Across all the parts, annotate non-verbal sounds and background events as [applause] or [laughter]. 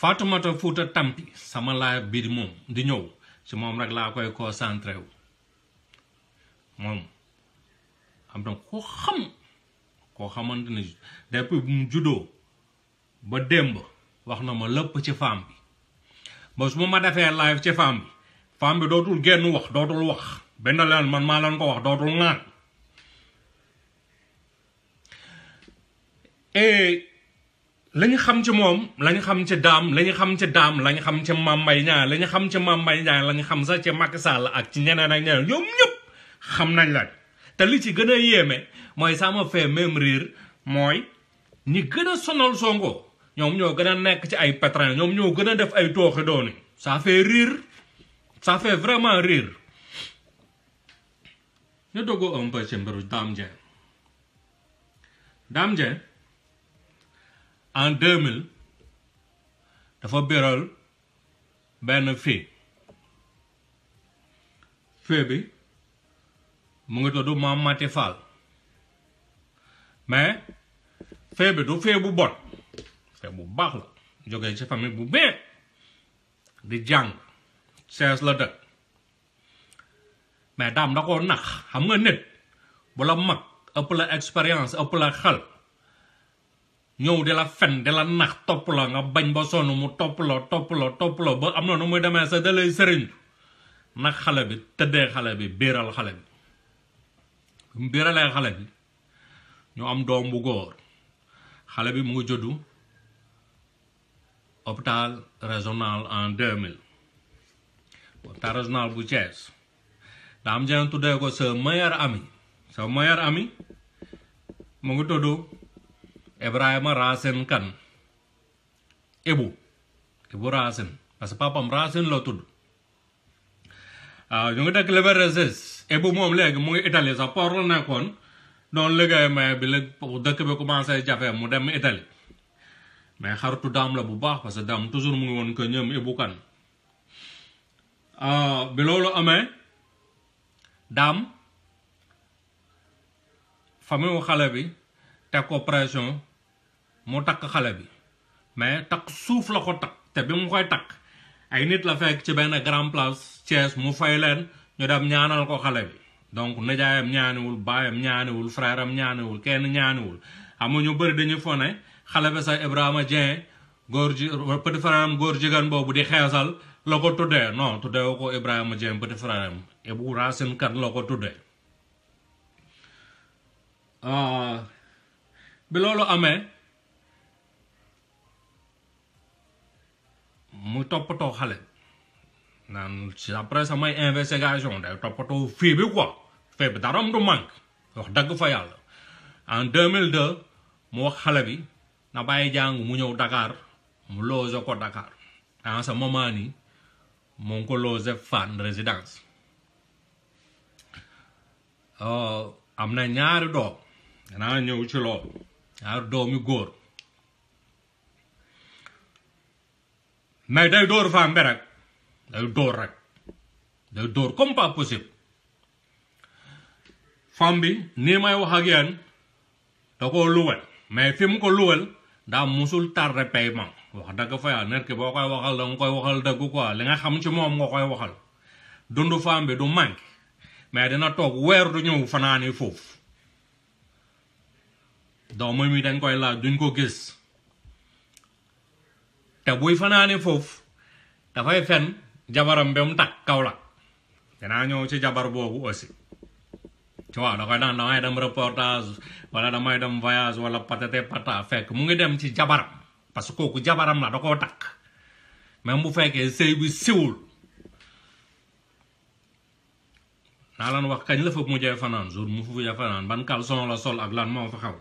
faatumata futa tampi sama laa biir mom di ñew ci mom rek la koy concentrer wu am na ko xam ko xamantene ne depuis bu judo ba démb wax na ma lepp ci fam bi ba su ma defee live ci fam bi fam bi dootul genn wax dootul wax ben man ma lan ko wax dootul ŋaan et lañ xam ci moom lañ xam ci daam lañ xam ci daam lañ xam ci Mame Mbaye Niang lañ xam ci Mame Mbaye Niang lañ xam sax ci Macky Sall ak ci ñeneen ak ñeneen ñoom ñëpp xam nañ la te li ci gën a yéeme mooy ça m'a fait même rire mooy ñi gën a sonal Sonko ñoom ñoo gën a nekk ci ay pétrin ñoom ñoo gën a def ay tooxi dooni ça fait rire ça fait vraiment rire ñu dogoo un peu ci mbiru Dame Dieng Dame Dieng en 2000 dafa biral benn fii fii bi mu ngi tudd Mame Maty Fall mais fii bi du fii bu bon fii bu baax la jógee ci famille bu bien di jàng sees la dëkk mais daam da ko nax xam nga nit bu la mag ëpp la expérience ëpp la xel ñëw di la fen di la nax topp la nga bañ ba sonn mu topp la topp la topp la ba am na nu muy demee sa da lay sëriñtu nag xale bi tëddee xale bi biiral xale bi mu biiralee xale bi ñu am doom bu góor xale bi mu ngi juddu hôpital régional en 2000 hôpital bu Thiès daa am jeneen tuddee ko sa meilleur ami sa meilleur ami mu ngi tudd Ebrahim Rasen Kan Ibu Ibu Rasen Pas papa Rasen lo tudd ah ñu da clever reses Ibu mom leg mu ngi Italie sax port la nekkoon doon liggéey ya, may bi la dëkk bi commencé ya, jafé mu dem italy ya. mais xaritu dam la bu baax parce dam toujours mu ngi won ke ñem Ibu Kan ah, bi amé, dam, daam famille xalé bi ko pression mu takk xale bi mais takk suuf la ko takk te bi mu koy takk ay nit la fekk ci benn grand place Thiès mu fay leen ñu dem ñaanal ko xale bi donc nijaayam ñaaniwul baayam ñaaniwul frère ñaaniwul kenn ñaaniwul amu ñu bëri dañuy fone xale bi sax Ibrahima Dieng góor ji petit frère góor jigéen boobu di xeesal la ko tuddee non tuddee ko Ibrahima Dieng petit frère am Ibou Racine Kane la ko tuddee ah, bi loolu amee mu toppatoo xale naan ci après samay investigation day toppatoo fii bi quoi fii bi dara du manque wax dëgg fa yàlla en 2002 mu wax xale bi na bàyyi jàng mu ñëw Dakar mu loose ko Dakar en ce moment nii mu ngi ko loose Fann résidence euh, am na ñaari doom danaa ñëw ci loolu ñaari doom yu góor mais day dóor Fambe rek day dóor rek day dóor bi nii may wax ak yéen da fi mu ko luwel daa musul tardé paiement wax dëgg fa yaa boo koy waxal da nga koy waxal xam ci moom nga koy waxal dundu fam bi du manqué mais dina toog weer du ñëw fanaani foofu doomam yi dañ koy laaj duñ ko gis te buy fof da fay fen jabaram bem tak takk Kaolack danaa ñëw ci jabar bobu aussi ci wa da ko nan damay dem reportage wala damay dem voyage wala patate pata fek mu ngi dem ci jabaram parce que kooku jabaram la da ko tak même bu fekke sey bi siwul na lan wax kañ la mu jey fanaan jour mu fa mujjee fanaan ban kalson la sol ak lan mo fa xaw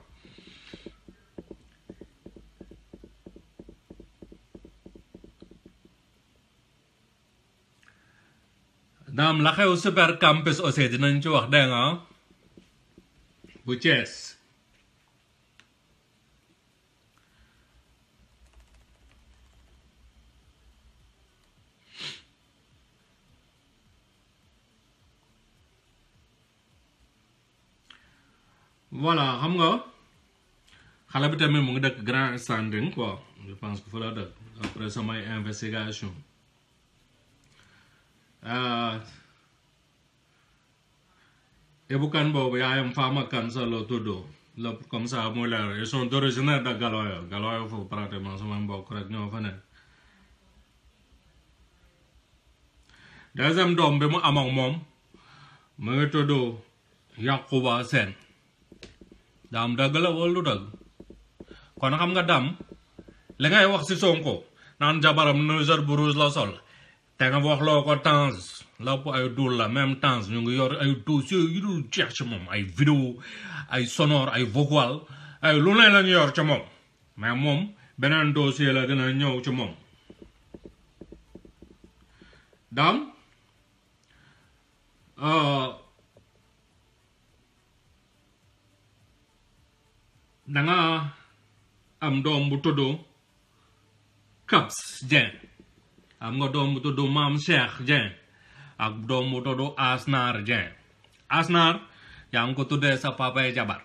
Dam laħew supercampus u sedin nġu għahdena. Buches. Voilà, xam nga xala bi tamit mu ngi dëkk Grand Standing quoi je pense que fa la dëkk après samay investigation uh, ah. ebukan bo ya, ya am fama kansa lo tudo lo komsa mola e ya, son d'origine da galoyo galoyo fo prate man so man bo krak no fanen dazam dom be mo amang mom me todo yakuba sen dam dagala wolu dag kon xam nga dam li ngay wax ci sonko naan jabaram la sol da nga wax loo ko temps law ay dóol la même temps ñu ngi yor ay dossier yu dul jeex ci moom ay vidéo ay sonore ay vocal ay lu ne la ñu yor ci moom mais moom beneen dossier la dina ñëw ci moom daam euh, da nga am doom bu tudd Caps Dieng am nga dom bu do mam Cheikh Dieng ak dom to do Asnar Dieng Asnar yang ko tudde sa e jabar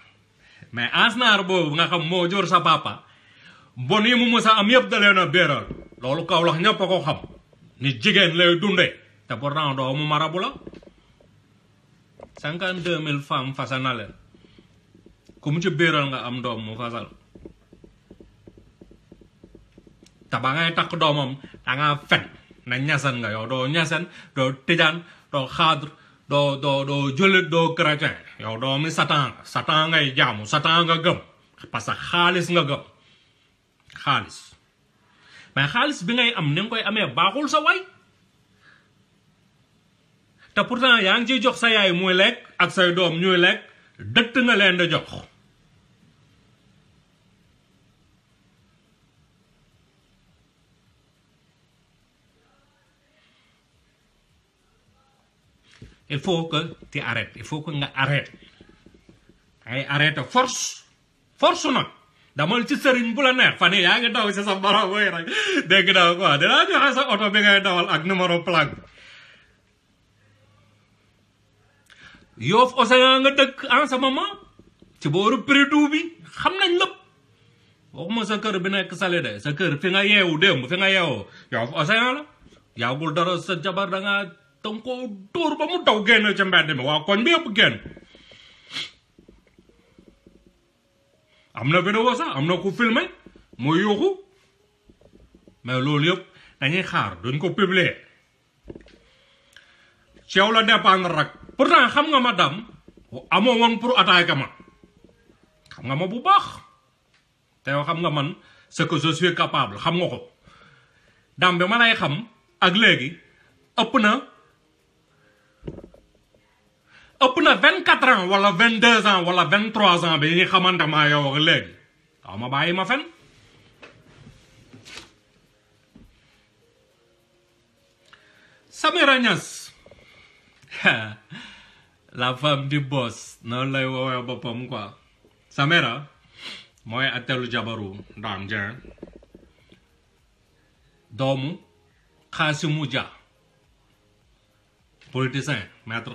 mais Asnar bo nga xam mo jor sa papa boni mu sa am yeb dalena leen lolou ka wax kaw ko xam ni jigen lay dundee te pourtant do marabu la 52000 deux mille femmes fasa na ci beral nga am dom mu fasal te ba ngay takk doomam da ngaa na ñasan nga yow doo ñasan doo tijaan doo xaadr doo doo doo jullit doo chrétien yow doomi satan satan ngay jaamu satan nga gëm parce que xaalis nga gëm xaalis mais xaalis bi ngay am ni nga koy amee baaxul sa way te pourtant yaa ngi ciy jox sa yaay muy lekk ak say doom ñuy lekk dëtt nga leen di jox il faut que tu arrêtes il faut que nga arrêté ay arrêté force force nag damal ci serigne bu la neex fane ya nga daw ci sa borom way rek dégg naa quoi dinaa joxe sa auto bi ngay dawal ak numéro plaque yoof océan nga dekk en ce moment ci booru prédou bi xam nañ lépp waxuma sa kër bi nek salé dé sa kër fi nga yewu dem fi nga yeewoo yoof océan la yàggul dara sa jabar da nga danga ko dóor ba mu daw génn ca mbedd mi waa koñ bi yëpp génn am na vidéo sax am na ku filmé muy yuuxu mais loolu yëpp dañuy xaar duñ ko publier ci yow la dépendre rek pourtant xam nga ma dam amoo woon pour attaquer ma xam nga ma bu baax te yow xam nga man ce que je suis capable xam nga ko dam bi ma lay xam ak léegi ëpp na ëpp na 24 ans wala 22 ans wala 23 ans bi ñuy xamante maa yow ak léegi xaw ma fen Samira Niass la femme du boss noonu lay woowee ya boppam quoi Samira mooy attelu jabaru Dame Dieng politicien maître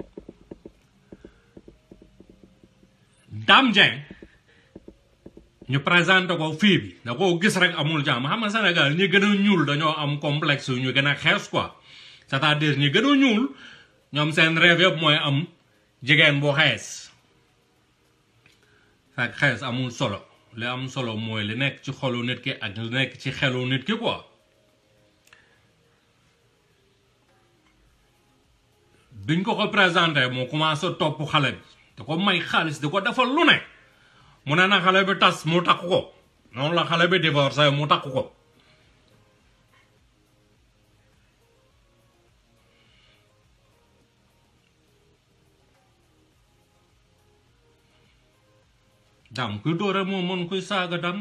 tam jeng ñu présenté ko fii bi da ko gis rek amul jàmm xam nga Sénégal ñi gën a ñuul dañoo am complexe ñu gën a xees quoi c'est-à-dire ñi gën a ñuul ñoom seen rêve yëpp mooy am jigéen bu xees fekk xees amul solo li am solo mooy li nekk ci xolu nit ki ak li nekk ci xelu nit ki quoi biñ ko ko présenté e, moo commencé topp xale bi da ko may xaalis da ko defal lu ne mu ne na xale bi tas mu takk ko noonu la xale bi divorcé mu takk ko dam kuy dóore moo mën kuy saaga dam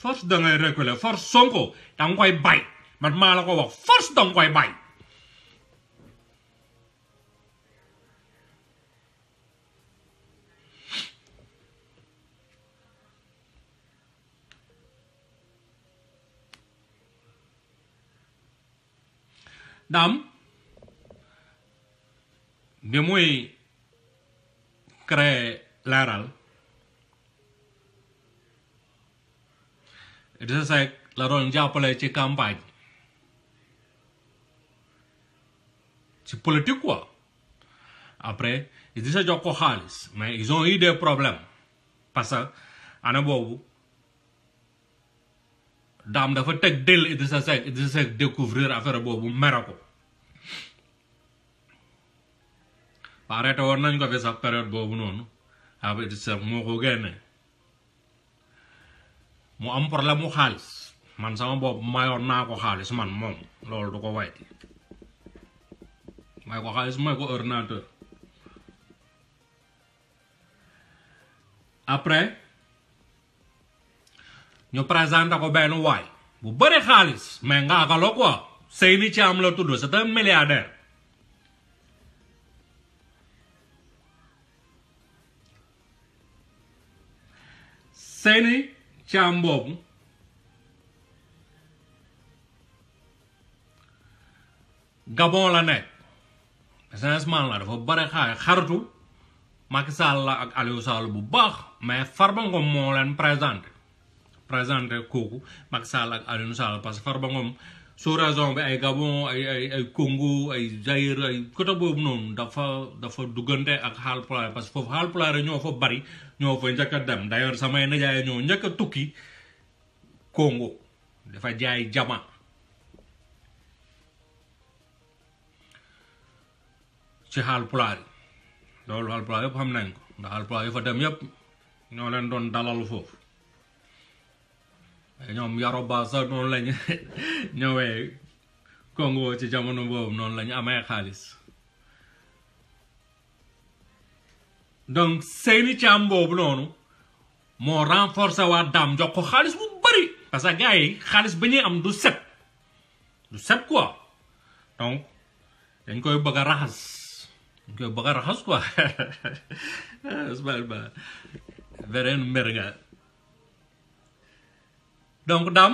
force dangay reculer force Sonko danga koy bay man maa la ko wax force danga koy bay naam ne mooy créer leeral Idrissa Seck la doon jàppale ci campagne ci politique quoi après Idrissa jox ko xaalis mais ils ont eu des problèmes parce que ana boobu daam dafa tek del Idrissa Seck Idrissa Seck découvrir affaire bobu mere ko arrêté nañ ko fi sax période boobu noonu ab Idrissa Seck moo ko génne mu am problème mu xaalis man sama bob mayor naa ko xaalis man mom lolou duko ko wayti may ko xaliss may ko ordinateur après ñu présenté ko benn way bu bari xaalis mais nga akalo quoi Seyni am la tuddu c'est un milliardaire Seyni am boobu Gabon la nekk businessman la dafa bari xaay xartu Macky Sall ak Aliou Sall bu baax mais Farba Ngom mo len présenter présenté kooku Macky Sall ak Aliou Sall parce que Farba Ngom sous raison bi ay Gabon ay ay ay ay Zaïre ay côté boobu noonu dafa dafa duggante ak Haalpulaar parce que foofu Haalpulaar ñoo fa bari ñoo fa njëkk dem d'ailleurs samay nijaay ñoo njëkk a tukki Congo jaay jama ci Haalpulaar yi loolu Haalpulaar yëpp fa dem yëpp ñoo leen doon dalal foofu ñom yaroba sax non lañ ñowé congo ci jamono bobu non lañ amé xaliss donc seeni caam bobu nonu mo renforcer wa dam jox ko xaliss bu bari parce que gaay xaliss xaalis am du set du set quoi donc dañ koy bëgg raxas dañ koy bëgg raxas quoi Ismaël [laughs] Ba beneen mbir donc dam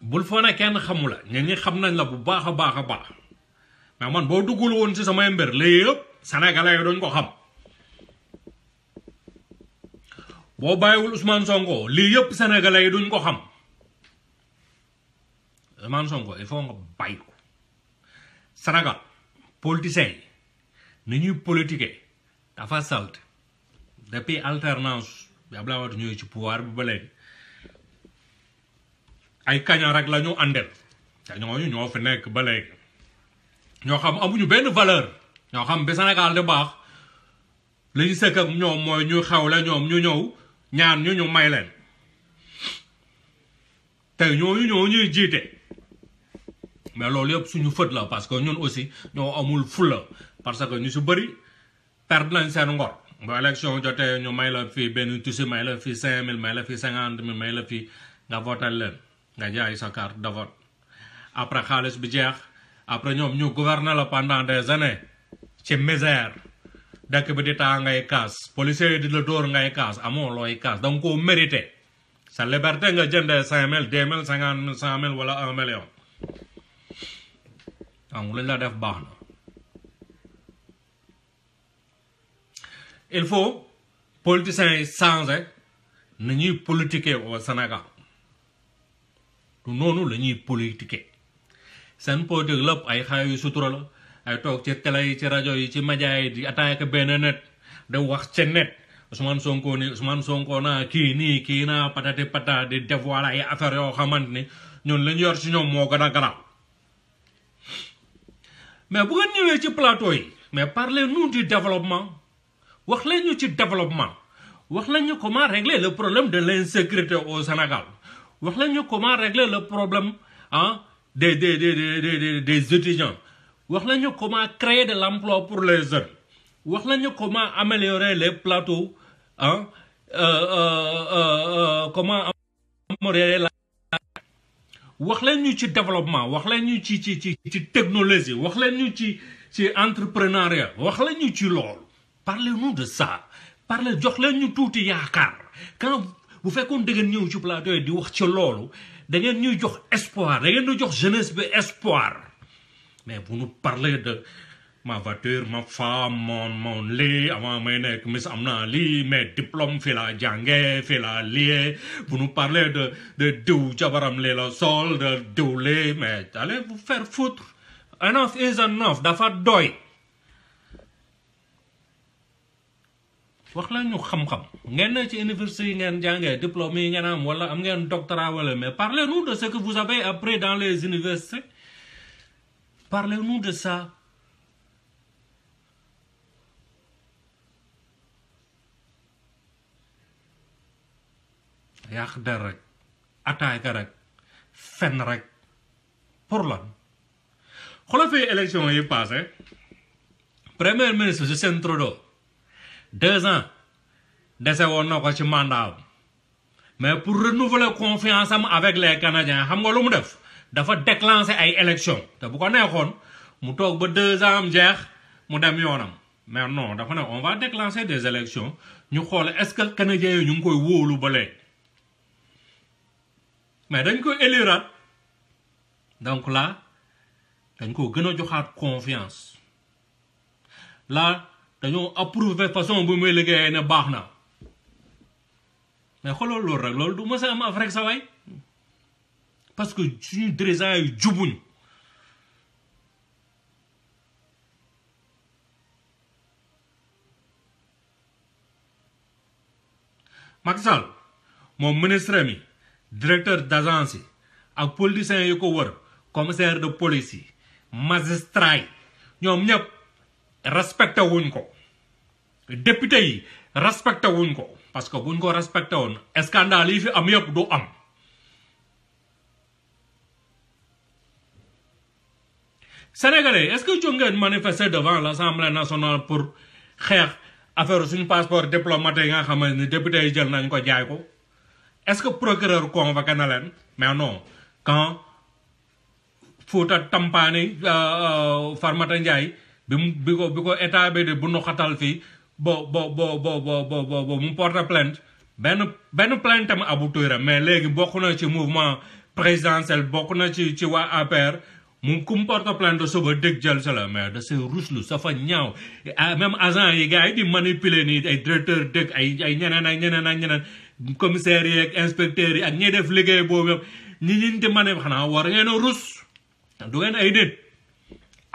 bul na kenn xamula ñi ñi xam nañ la bu baaxa baaxa baax mais man bo duggul won ci sama mbeur lay yeb sénégalais doñ ko xam bo bayiwul Ousmane Sonko li yeb sénégalais duñ ko xam Ousmane Sonko il faut nga bayiko Sénégal politiciens ni ñuy politiquer dafa salt depuis alternance bi Abdoulaye ci pouvoir bu ay kañaar rek la ñu àndel te ñu ñoo fi nekk ba léegi ñoo xam amuñu benn valeur ñoo xam bi Sénégal di baax li ñu sëkk ñoom mooy ñu xewle ñoom ñu ñëw ñaan ñu ñu may leen te ñooñu ñoo ñuy jiite mais loolu yëpp ñu fët la parce que ñun aussi ñoo amul fula parce que ñu si bëri perdre nañ seen ngor bu élection jotee ñu may la fii benn tusi may la fii cinq mille may la fii cinquante mille may la fii nga votal leen nga jaay sa carte de vote après xaalis bi jeex après ñoom ñu gouverner la pendant des années ci misère dëkk bi di taa ngay kaas policiers yi di la dóor ngay kaas amoo looy kaas danga koo mérité sa liberté nga jëndee cinq mille deux mille cinquante mille cent mille wala un million lu ñu la def baax na il faut politiciens yi changer ni ñuy politiquer au Sénégal du noonu la ñuy politiquer seen politique lépp ay xaayu sutura la ay toog ci télé yi ci rajo yi ci média yi di attaqué benn net da wax ca net Ousmane sonkoo ni Ousmane Sonko naa kii nii kii naa patati patati di dévoiler ay affaires yoo xamante ni ñun lañ yor si ñoom moo gën a garaaw mais bu ngeen ci plateau yi mais parlez nous du développement wax lañu ci développement wax leen ñu comment régler le problème de l'insécurité au Sénégal Vous savez comment régler le problème hein, des des des des des des étudiants Vous savez comment créer de l'emploi pour les jeunes Vous savez comment améliorer les plateaux ah comment améliorer la wax leen ñu ci développement vous leen ci ci ci technologie vous leen ci ci entrepreneuriat wax leen ci parlez-nous de ça parlez jox de tout yakar. quand vous faites comme ngeen ñëw plateau yi di wax ci lolo espoir da nous jeunesse espoir mais vous nous parlez de ma voiture ma femme mon mon lit avant may nez, mis am mes diplômes, mais diplôme fait laa jàngee fii vous nous vous de de sol de mais allez vous faire foutre enough is enough dafa wax la ñu xam-xam ngeen ci université yi ngeen jàngee diplôme am wala am doctorat wala mais parlez-nous de ce que vous avez appris dans les universités parlez-nous de ça yàq der rek attaque rek fen rek pour lan xoolal élection yi passé premier ministre Justin Trudeau deux ans dese woon na ci mandat mais pour renouveler confiance avec les Canadiens xam nga lu mu def dafa déclencher ay élections te bu ko neexoon mu toog ba deux ans am jeex mu dem yoonam mais non dafa on va déclencher des élections ñu allons est-ce que Canadiens yi ñu ngi koy ba mais dañ koy éliraat donc là dañ ko gën a confiance là dañoo approuvé façon bu muy liggéeyee ne baax na mais xoolal loolu rek loolu du mës a am Afrique sa waay parce que suñu dirigeants yi jubuñu Macky moom ministre mi directeur d' agence yi ak politicien yi ko wër commissaire de police yi magistrat yi ñoom ñëpp respecté wuñ ko député yi respecté wuñ ko parce que buñ ko respecté woon scandale yi fi am yëpp du am sénégalais est-ce que jóg ngeen manifester devant l'Assemblée nationale pour xeex affaire suñu passeport diplomatique yi nga xamante ni député yi jël nañ ko jaay ko est-ce que procureur convoqué na leen mais non quand Fouta Tampaani euh, euh, Farmata Ndiaye bi mu bi bi ko état bi di bu nu xatal fii ba ba ba ba ba ba mu porte benn benn plainte am aboutir mais léegi bokk na ci mouvement présidentiel bokk na ci ci waa APR mu ku mu porte plainte suba dëgg jël sa la mais da c'est ruslu sa fa ñaaw ah, même agent yi gars yi di manipuler nii ay directeur dëgg ay ay ñeneen ak ñeneen ak ñeneen commissaires yi ak inspecteurs yi ak ñiy def liggéey boobu yëpp ñi ñiñ di mane xanaa war ngeen rus du ngeen ay nit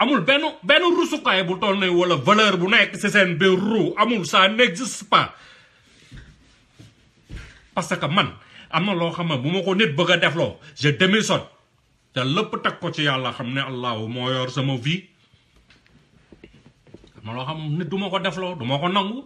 amul benn benn rusukaay bu toll ne wala valeur bu nekk ci seen biir ru amul saa n'existe pas parce que man am na loo xam ne bu ma ko net bëgg a defloo je démissionne te lépp teg ko ci yàlla xam ne allahu moo yor sama vie am na loo xam nit du ma ko defloo du ma ko nangu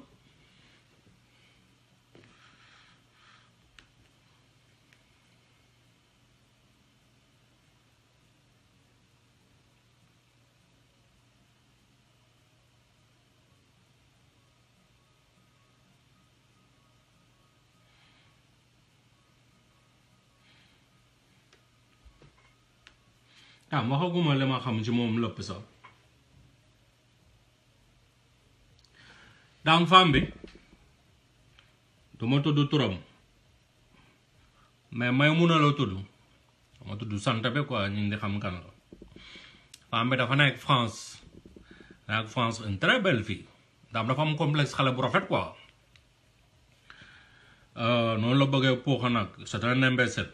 ah ma waxaguma li ma xam ci moom lëpp sax daam femme bi du ma tudd turam mais ma mun a la tudd ma tudd sant bi quoi xam kan la dafa nekk France nekk France une très belle fille daam xale bu rafet quoi euh, noonu la bëggee puuxa nag c'est un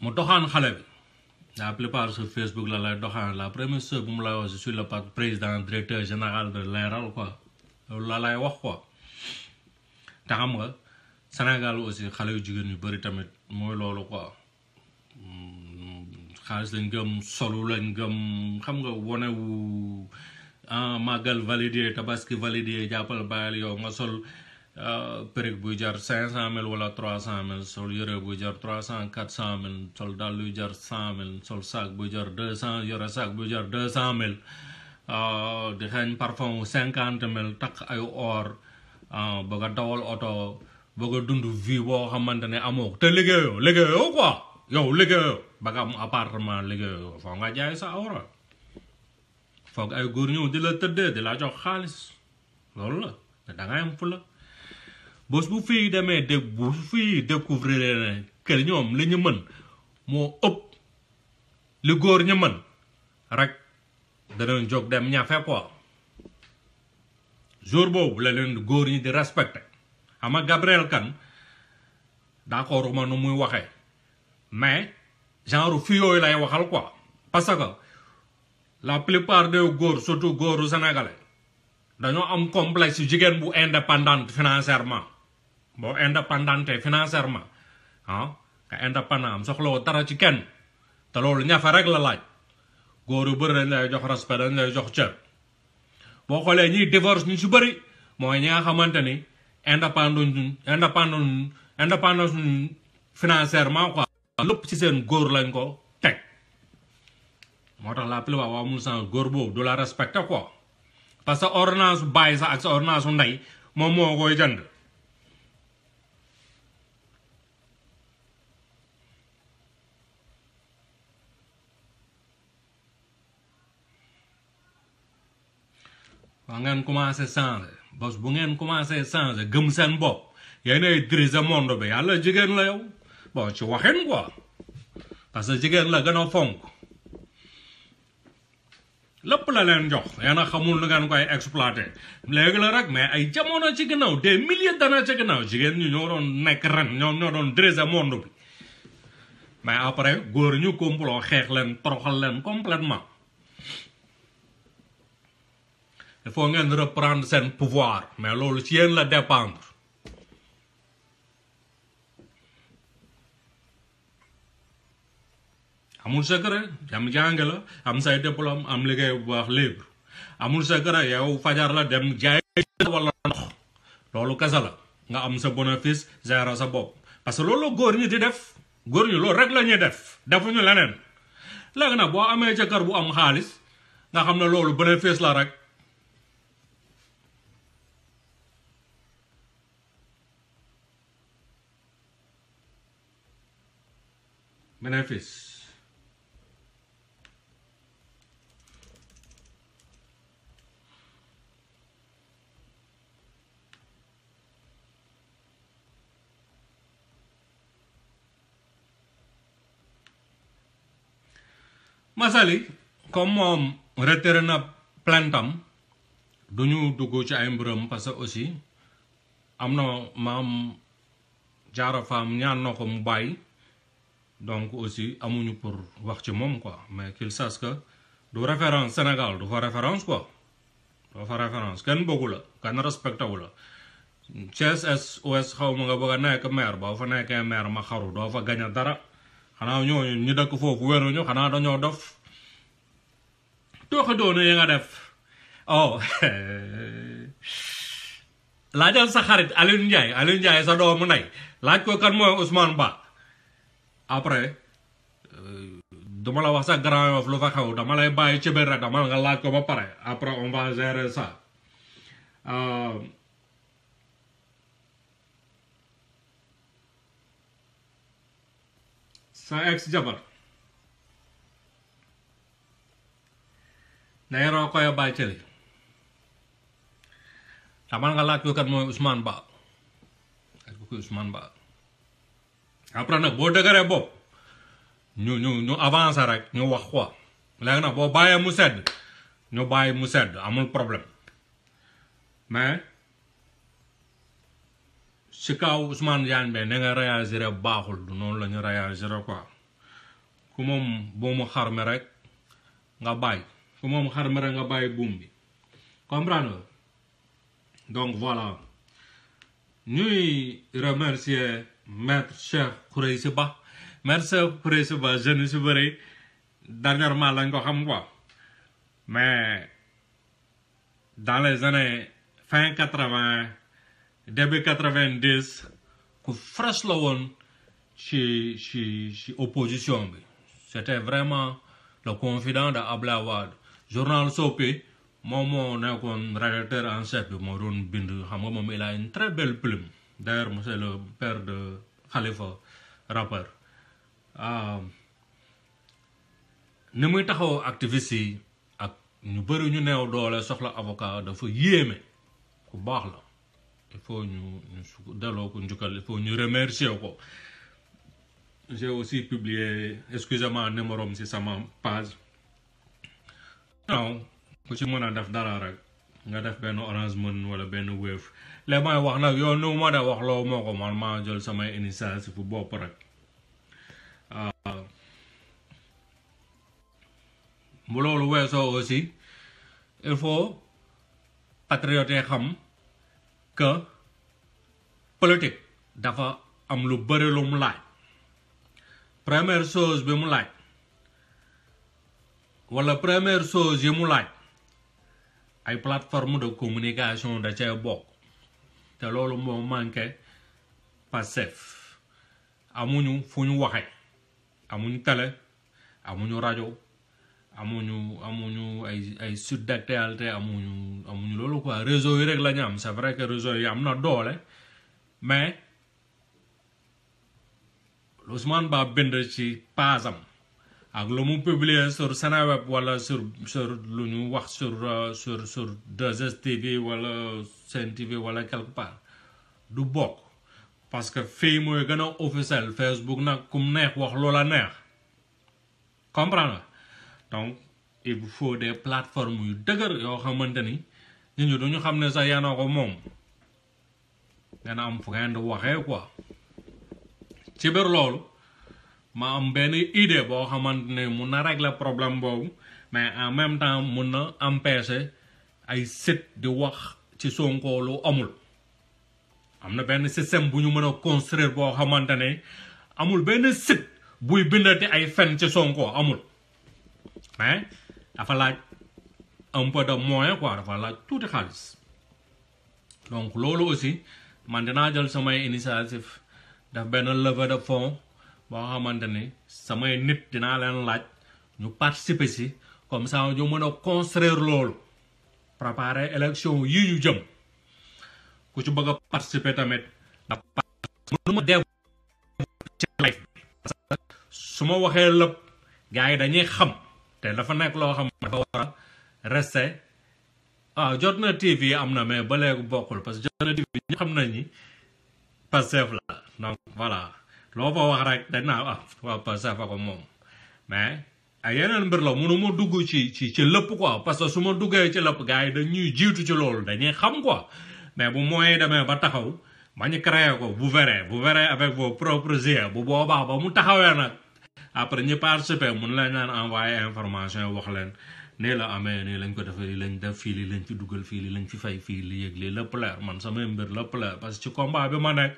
mu doxaan xale bi la plupart sur Facebook la lay doxaan la première chose bu mu lay wax je suis le président directeur général de Leral quoi loolu la lay wax quoi te xam nga Sénégal aussi xale yu jigéen yu bëri tamit mooy loolu quoi mm, xaalis lañ gëm solu lañ gëm xam nga wone wu ah màggal validé tabaski validé jàppal bàyyil yow nga sol. Uh, perruque bu jar cinq cent mille wala trois cent mille sol yëre buy jar trois cent quatre cent mille sol dal buy jar cent mille sol sac bu jar deux cent yore sac bu jar deux cent mille uh, di xeeñ parfum wu cinquante mille takk ay or uh, bëgg a dawal oto bëgg a dund vie boo xamante ne amoo te liggéeyoo liggéeyoo quoi yow liggéeyoo ba nga am appartement liggéeyoo ay góor ñëw di la tëddee di la jox xaalis loolu la te fula bés bu fii demee dégg bu fii découvrir ne que ñoom li ñu mën moo ëpp li góor ñu mën rek danañ jóg dem ñafe quoi jour boobu la leen góor ñi di respecté xam nga Gabriel Kane d'accord ma nu muy waxee mais genre fi yooyu lay waxal quoi parce que la plupart des góor surtout góoru sénégalais dañoo am complexe jigéen bu indépendante financièrement boo indépendante financièrement ah nga indépendant am soxlawoo dara ci kenn te loolu ñafe rek la laaj góor yu bëri dañ lay jox respect dañ lay jox cër boo xoolee ñiy divorce ñu si bëri mooy ñi nga xamante ni indépendance indépendance indépendance financièrement quoi. lépp ci seen góor lañ ko teg moo tax la plupart waa mun sens góor boobu du la respecté ko parce que ordonnance bàyyi sax ak sa ordonnance su ndey moom moo koy jënd. waa ngeen commencé changer bos bu ngeen commencé changer gëm seen bopp yéenay diriger mondo bi yàlla jigéen la yow bon ci waxin quoi parce que jigéen la gan a fonk lépp la leen jox yéen a xamul nu ngeen koy exploité léegi la rek mais ay jamono ci ginnaaw des a d'années ci ginnaaw jigéen ñi ñoo doon nekk ren ñoom ñoo doon diriger monde bi mais après góor ñu complot xeex leen toroxal len completement Il faut ngeen reprendre seen pouvoir mais loolu ci yéen la dépendre amul secret dem jàng la am say diplôme am liggéey bu baax libre amul secret yow fajar la dem jaay wala ndox loolu kazala, nga am sa bonafis, gérer sa bopp parce lolo gorni di def gorni ñi loolu rek la ñuy def defuñu leneen léegi nag boo amee jëkkër bu am xaalis nga xam ne loolu bénéfice la rek Memphis. Masali, comme moom retiré plantam du ñu dugg ci ay mbiram parce que aussi am na maam ñaan mu donc aussi amuñu pour wax ci moom quoi mais qu'il sache que du référence Sénégal du fa référence quoi du fa référence kenn bëggu la kenn respecté wu la CSS US xaw ma nga bëgg a fa nekkee maire ma xaru doo fa gañ a dara xanaa ñooñu ñu dëkk foofu wéruñu xanaa dañoo dof tooxi doona yi nga def oh [laughs] laajal sa xarit Aliou Ndiaye Aliou nay laaj ko kan mooy Ousmane Ba après eh, dama e la wax sax Grand Yoff lu fa xew dama lay bàyyi ci dama nga ko ba après on va gérer ça eh, sa ex jabar dañoo koy bàyyi ci li dama nga ko ya kan mo Usman Ba laaj ko Usman Ba après nag boo dëgëree bopp ñu ñu ñu avancer rek ñu wax quoi léegi nag boo bàyyee mu sedd ñu bàyyi mu sedd amul problème mais si kaw Ousmane Diagne be ne nga réagir baaxul du noonu la ñu réagir quoi ku moom buumu xar mi rek nga bàyyi ku moom xar nga bàyyi buum bi comprendre donc voilà ñuy remercier. Maître Cheikh Khoureyssi je Maître Cheikh pas. Ba jeune si bëri dernièrement je ne sais pas. mais dans les années fin 80, début 90, vingt dix fresh la opposition c'était vraiment le confident de Ablaye journal Sopi mon moo rédacteur en chef bi moo xam il a une très belle plume D'ailleurs, c'est le père de Khalifa, rappeur. Euh, ni muy taxaw activiste yi ak ñu bëri ñu neew doole soxla avocat dafa yéeme ku baax la il faut ñu ñu su ko njukkal il faut ñu remercier ko j'ai aussi publié excusez-moi numéro ci sama page non ku ci mën a def dara rek nga def benn arrangement wala benn wave léegi may wax nag yow oh, nu ma da wax loo moo ko man maa jël samay initiative bu bopp rek bu ah, loolu weesoo oh, aussi il faut patriote yi xam que politique dafa am lu bëri lu mu laaj première chose bi mu laaj wala première chose yi mu laaj ay plateforme de communication da cee bokk te loolu moom moo manqué Pastef amuñu fu ñu waxe amuñu télé amuñu rajo amuñu amuñu ay ay site d'actualité amuñu amuñu loolu quoi réseau yi rek la ñu am c'est vrai que yi am na doole mais Ousmane Ba bind ci paasam ak mu publier sur Seneweb wala sur sur luñu wax sur euh, sur sur 2 tv wala Sen TV wala quelque part du bok parce que fii moy gëna officiel Facebook n'a kum neex wax loola neex comprendre donc il faut des plateformes yu dëgër yo xamanteni ni nit ñi duñu xam ne yana ko mom dana am fu gën do waxee quoi ci biir lolu ma am benn idée boo xamante ne mun na régler problème boobu mais en même temps mun na empêcher ay sët di wax ci Sonko lu amul am na benn système bu ñu mën a construire boo xamante ne amul benn sët buy bindati ay fen ci Sonko amul mais dafa laaj un peu de moyen quoi dafa laaj tuuti xaalis donc loolu aussi man dinaa jël samay initiative daf benn levée de fonds boo xamante ni samay nit dinaa leen laaj ñu participer si comme ça ñu mën a construire loolu préparer élection yi ñu jëm ku ci bëgg a participer tamit da mënuma dee ci su ma waxee lépp gaa yi dañuy xam te dafa nekk loo xam dafa war a rester ah, jot na TV am na mais ba léegi bokkul parce que jot na TV ñu xam nañ ni Pastef la donc voilà loo fa wax rek dañ naa ah waaw pas ça fa ko moom mais ay yeneen mbir la munu ma dugg ci ci ci lepp quoi parce que suma ma ci lepp gars da ñuy jitu ci loolu dañuy xam quoi mais bu moye demee ba taxaw ma ñu créé ko vous verrez vous verrez avec vos propres yeux bu boba ba mu taxawé ya nak après ñi participer mun ya la ñaan envoyer information wax leen né la amé né lañ ko defee lii lañ def fi li lañ ci duggal fi li lañ ci fay fi li yëg lii lépp leer man sama mbir lepp leer parce que ci combat bi ma nek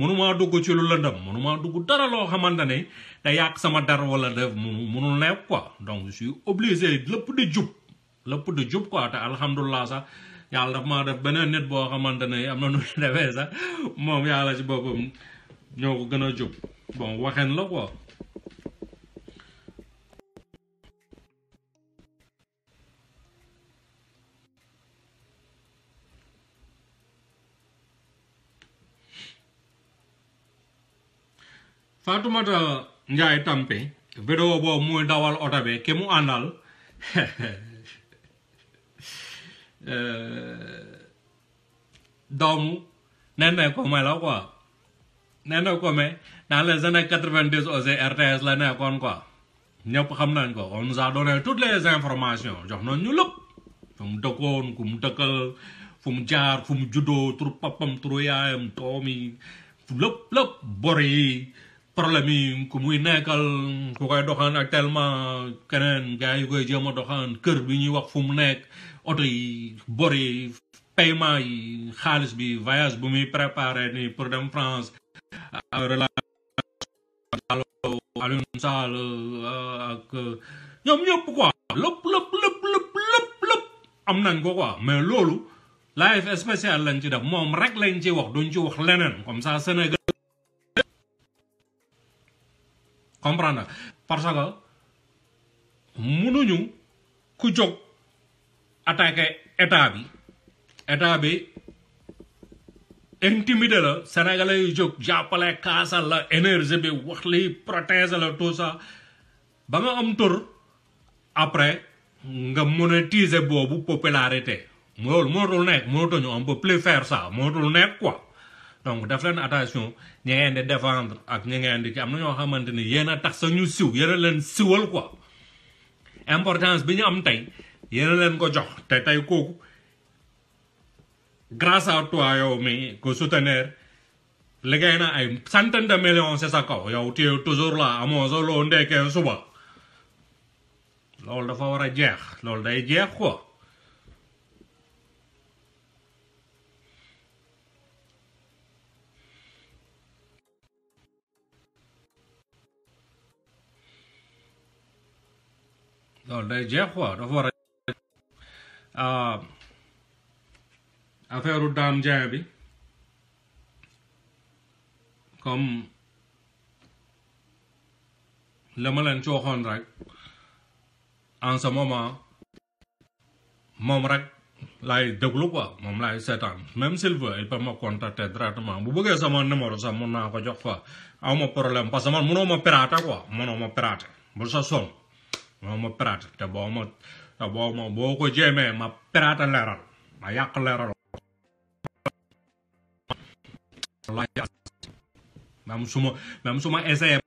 mënumaa dugg ci lu lëndëm mënumaa dugg dara loo xamante ne da yàq sama dara wala da mënul nekk quoi donc si suis obligé lépp di jub lépp di jub quoi te alhamdulilah sax yàlla dafa maa def beneen nit boo xamante ne am na nu defee sax moom yàlla ci boppam ñoo ko gën a jub bon waxeen la quoi fatumata njay tampe video bo muy dawal oto be ke mu àndal doomu nen ne ko may la quoi nen ne ko mais dans les années 90 aux RTS la nekkoon quoi ñëpp xam nañ ko on nous a donné toutes les informations jox nañ ñu lépp fu mu dëkkoon ku mu dëkkal fu mu jaar fu mu juddoo tur papam tur yaayam doom yi lépp lépp bor yi problemi ku muy nekkal ku koy doxaan tellement keneen gars yu koy jéem a doxaan kër bi ñuy wax fu mu nekk oto yi bor yi paiement yi xaalis bi voyage bu muy préparé ni pour dem France relation Alioune ak ñoom ñëpp quoi lépp lépp lépp lépp lépp lépp am nañ ko quoi mais loolu live spécial lañ ci def moom rek lañ ci wax duñ ci wax leneen comme ça Sénégal comprendre parce que munuñu ku jóg attaqué état bi état la sénégalais yu jóg jàppale kaasal la énergie bi wax li protéger la tout ça ba nga am tur après nga monétiser boobu popularité loolu mënatul nekk mënatuñu on peut plus faire ça mënatul nekk quoi donc def leen attention ñi ngeen défendre ak ñi ngeen am na ñoo xamante ni yéen a tax sañu siw yéen leen siwal ko importance bi ñu am tey yéen leen ko jox te tey kooku grâce à toi yow mi ko soutenir liggéey na ay centaine de millions sa kaw yow tu es toujours là amoo sa loo ndekkee suba loolu dafa war a jeex loolu day jeex ko loolu day jeex quoi dafa war a affaire Dame Dieng bi comme la ma leen cooxoon rek en ce moment moom rek laay déglu quoi moom laay seetaan même s'il veut il peut me contacter directement bu bëggee sama numéro sax mun naa ko jox quoi aw ma problème parce que man mënoo ma pirater quoi mënoo bu sa sonn ma pirata booma booma boo ko jéemee ma pirata leeral ma yàq leeral la ya ma même su ma essayé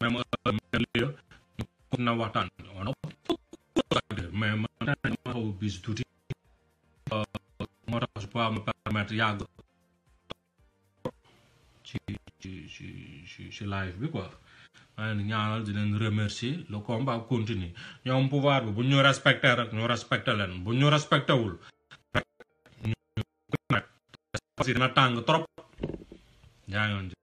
même lieu mun na waxtaan ono mais man dama xaw bis tuuti moo tax pas me permettre yàgg ci ci ci ci ci live bi quoi maa leen ñaanal di leen remercier le combat continue ñoom pouvoir bi bu ñu respecté rek ñu respecté leen bu ñu respecté wul rek ñu dina tàng trop down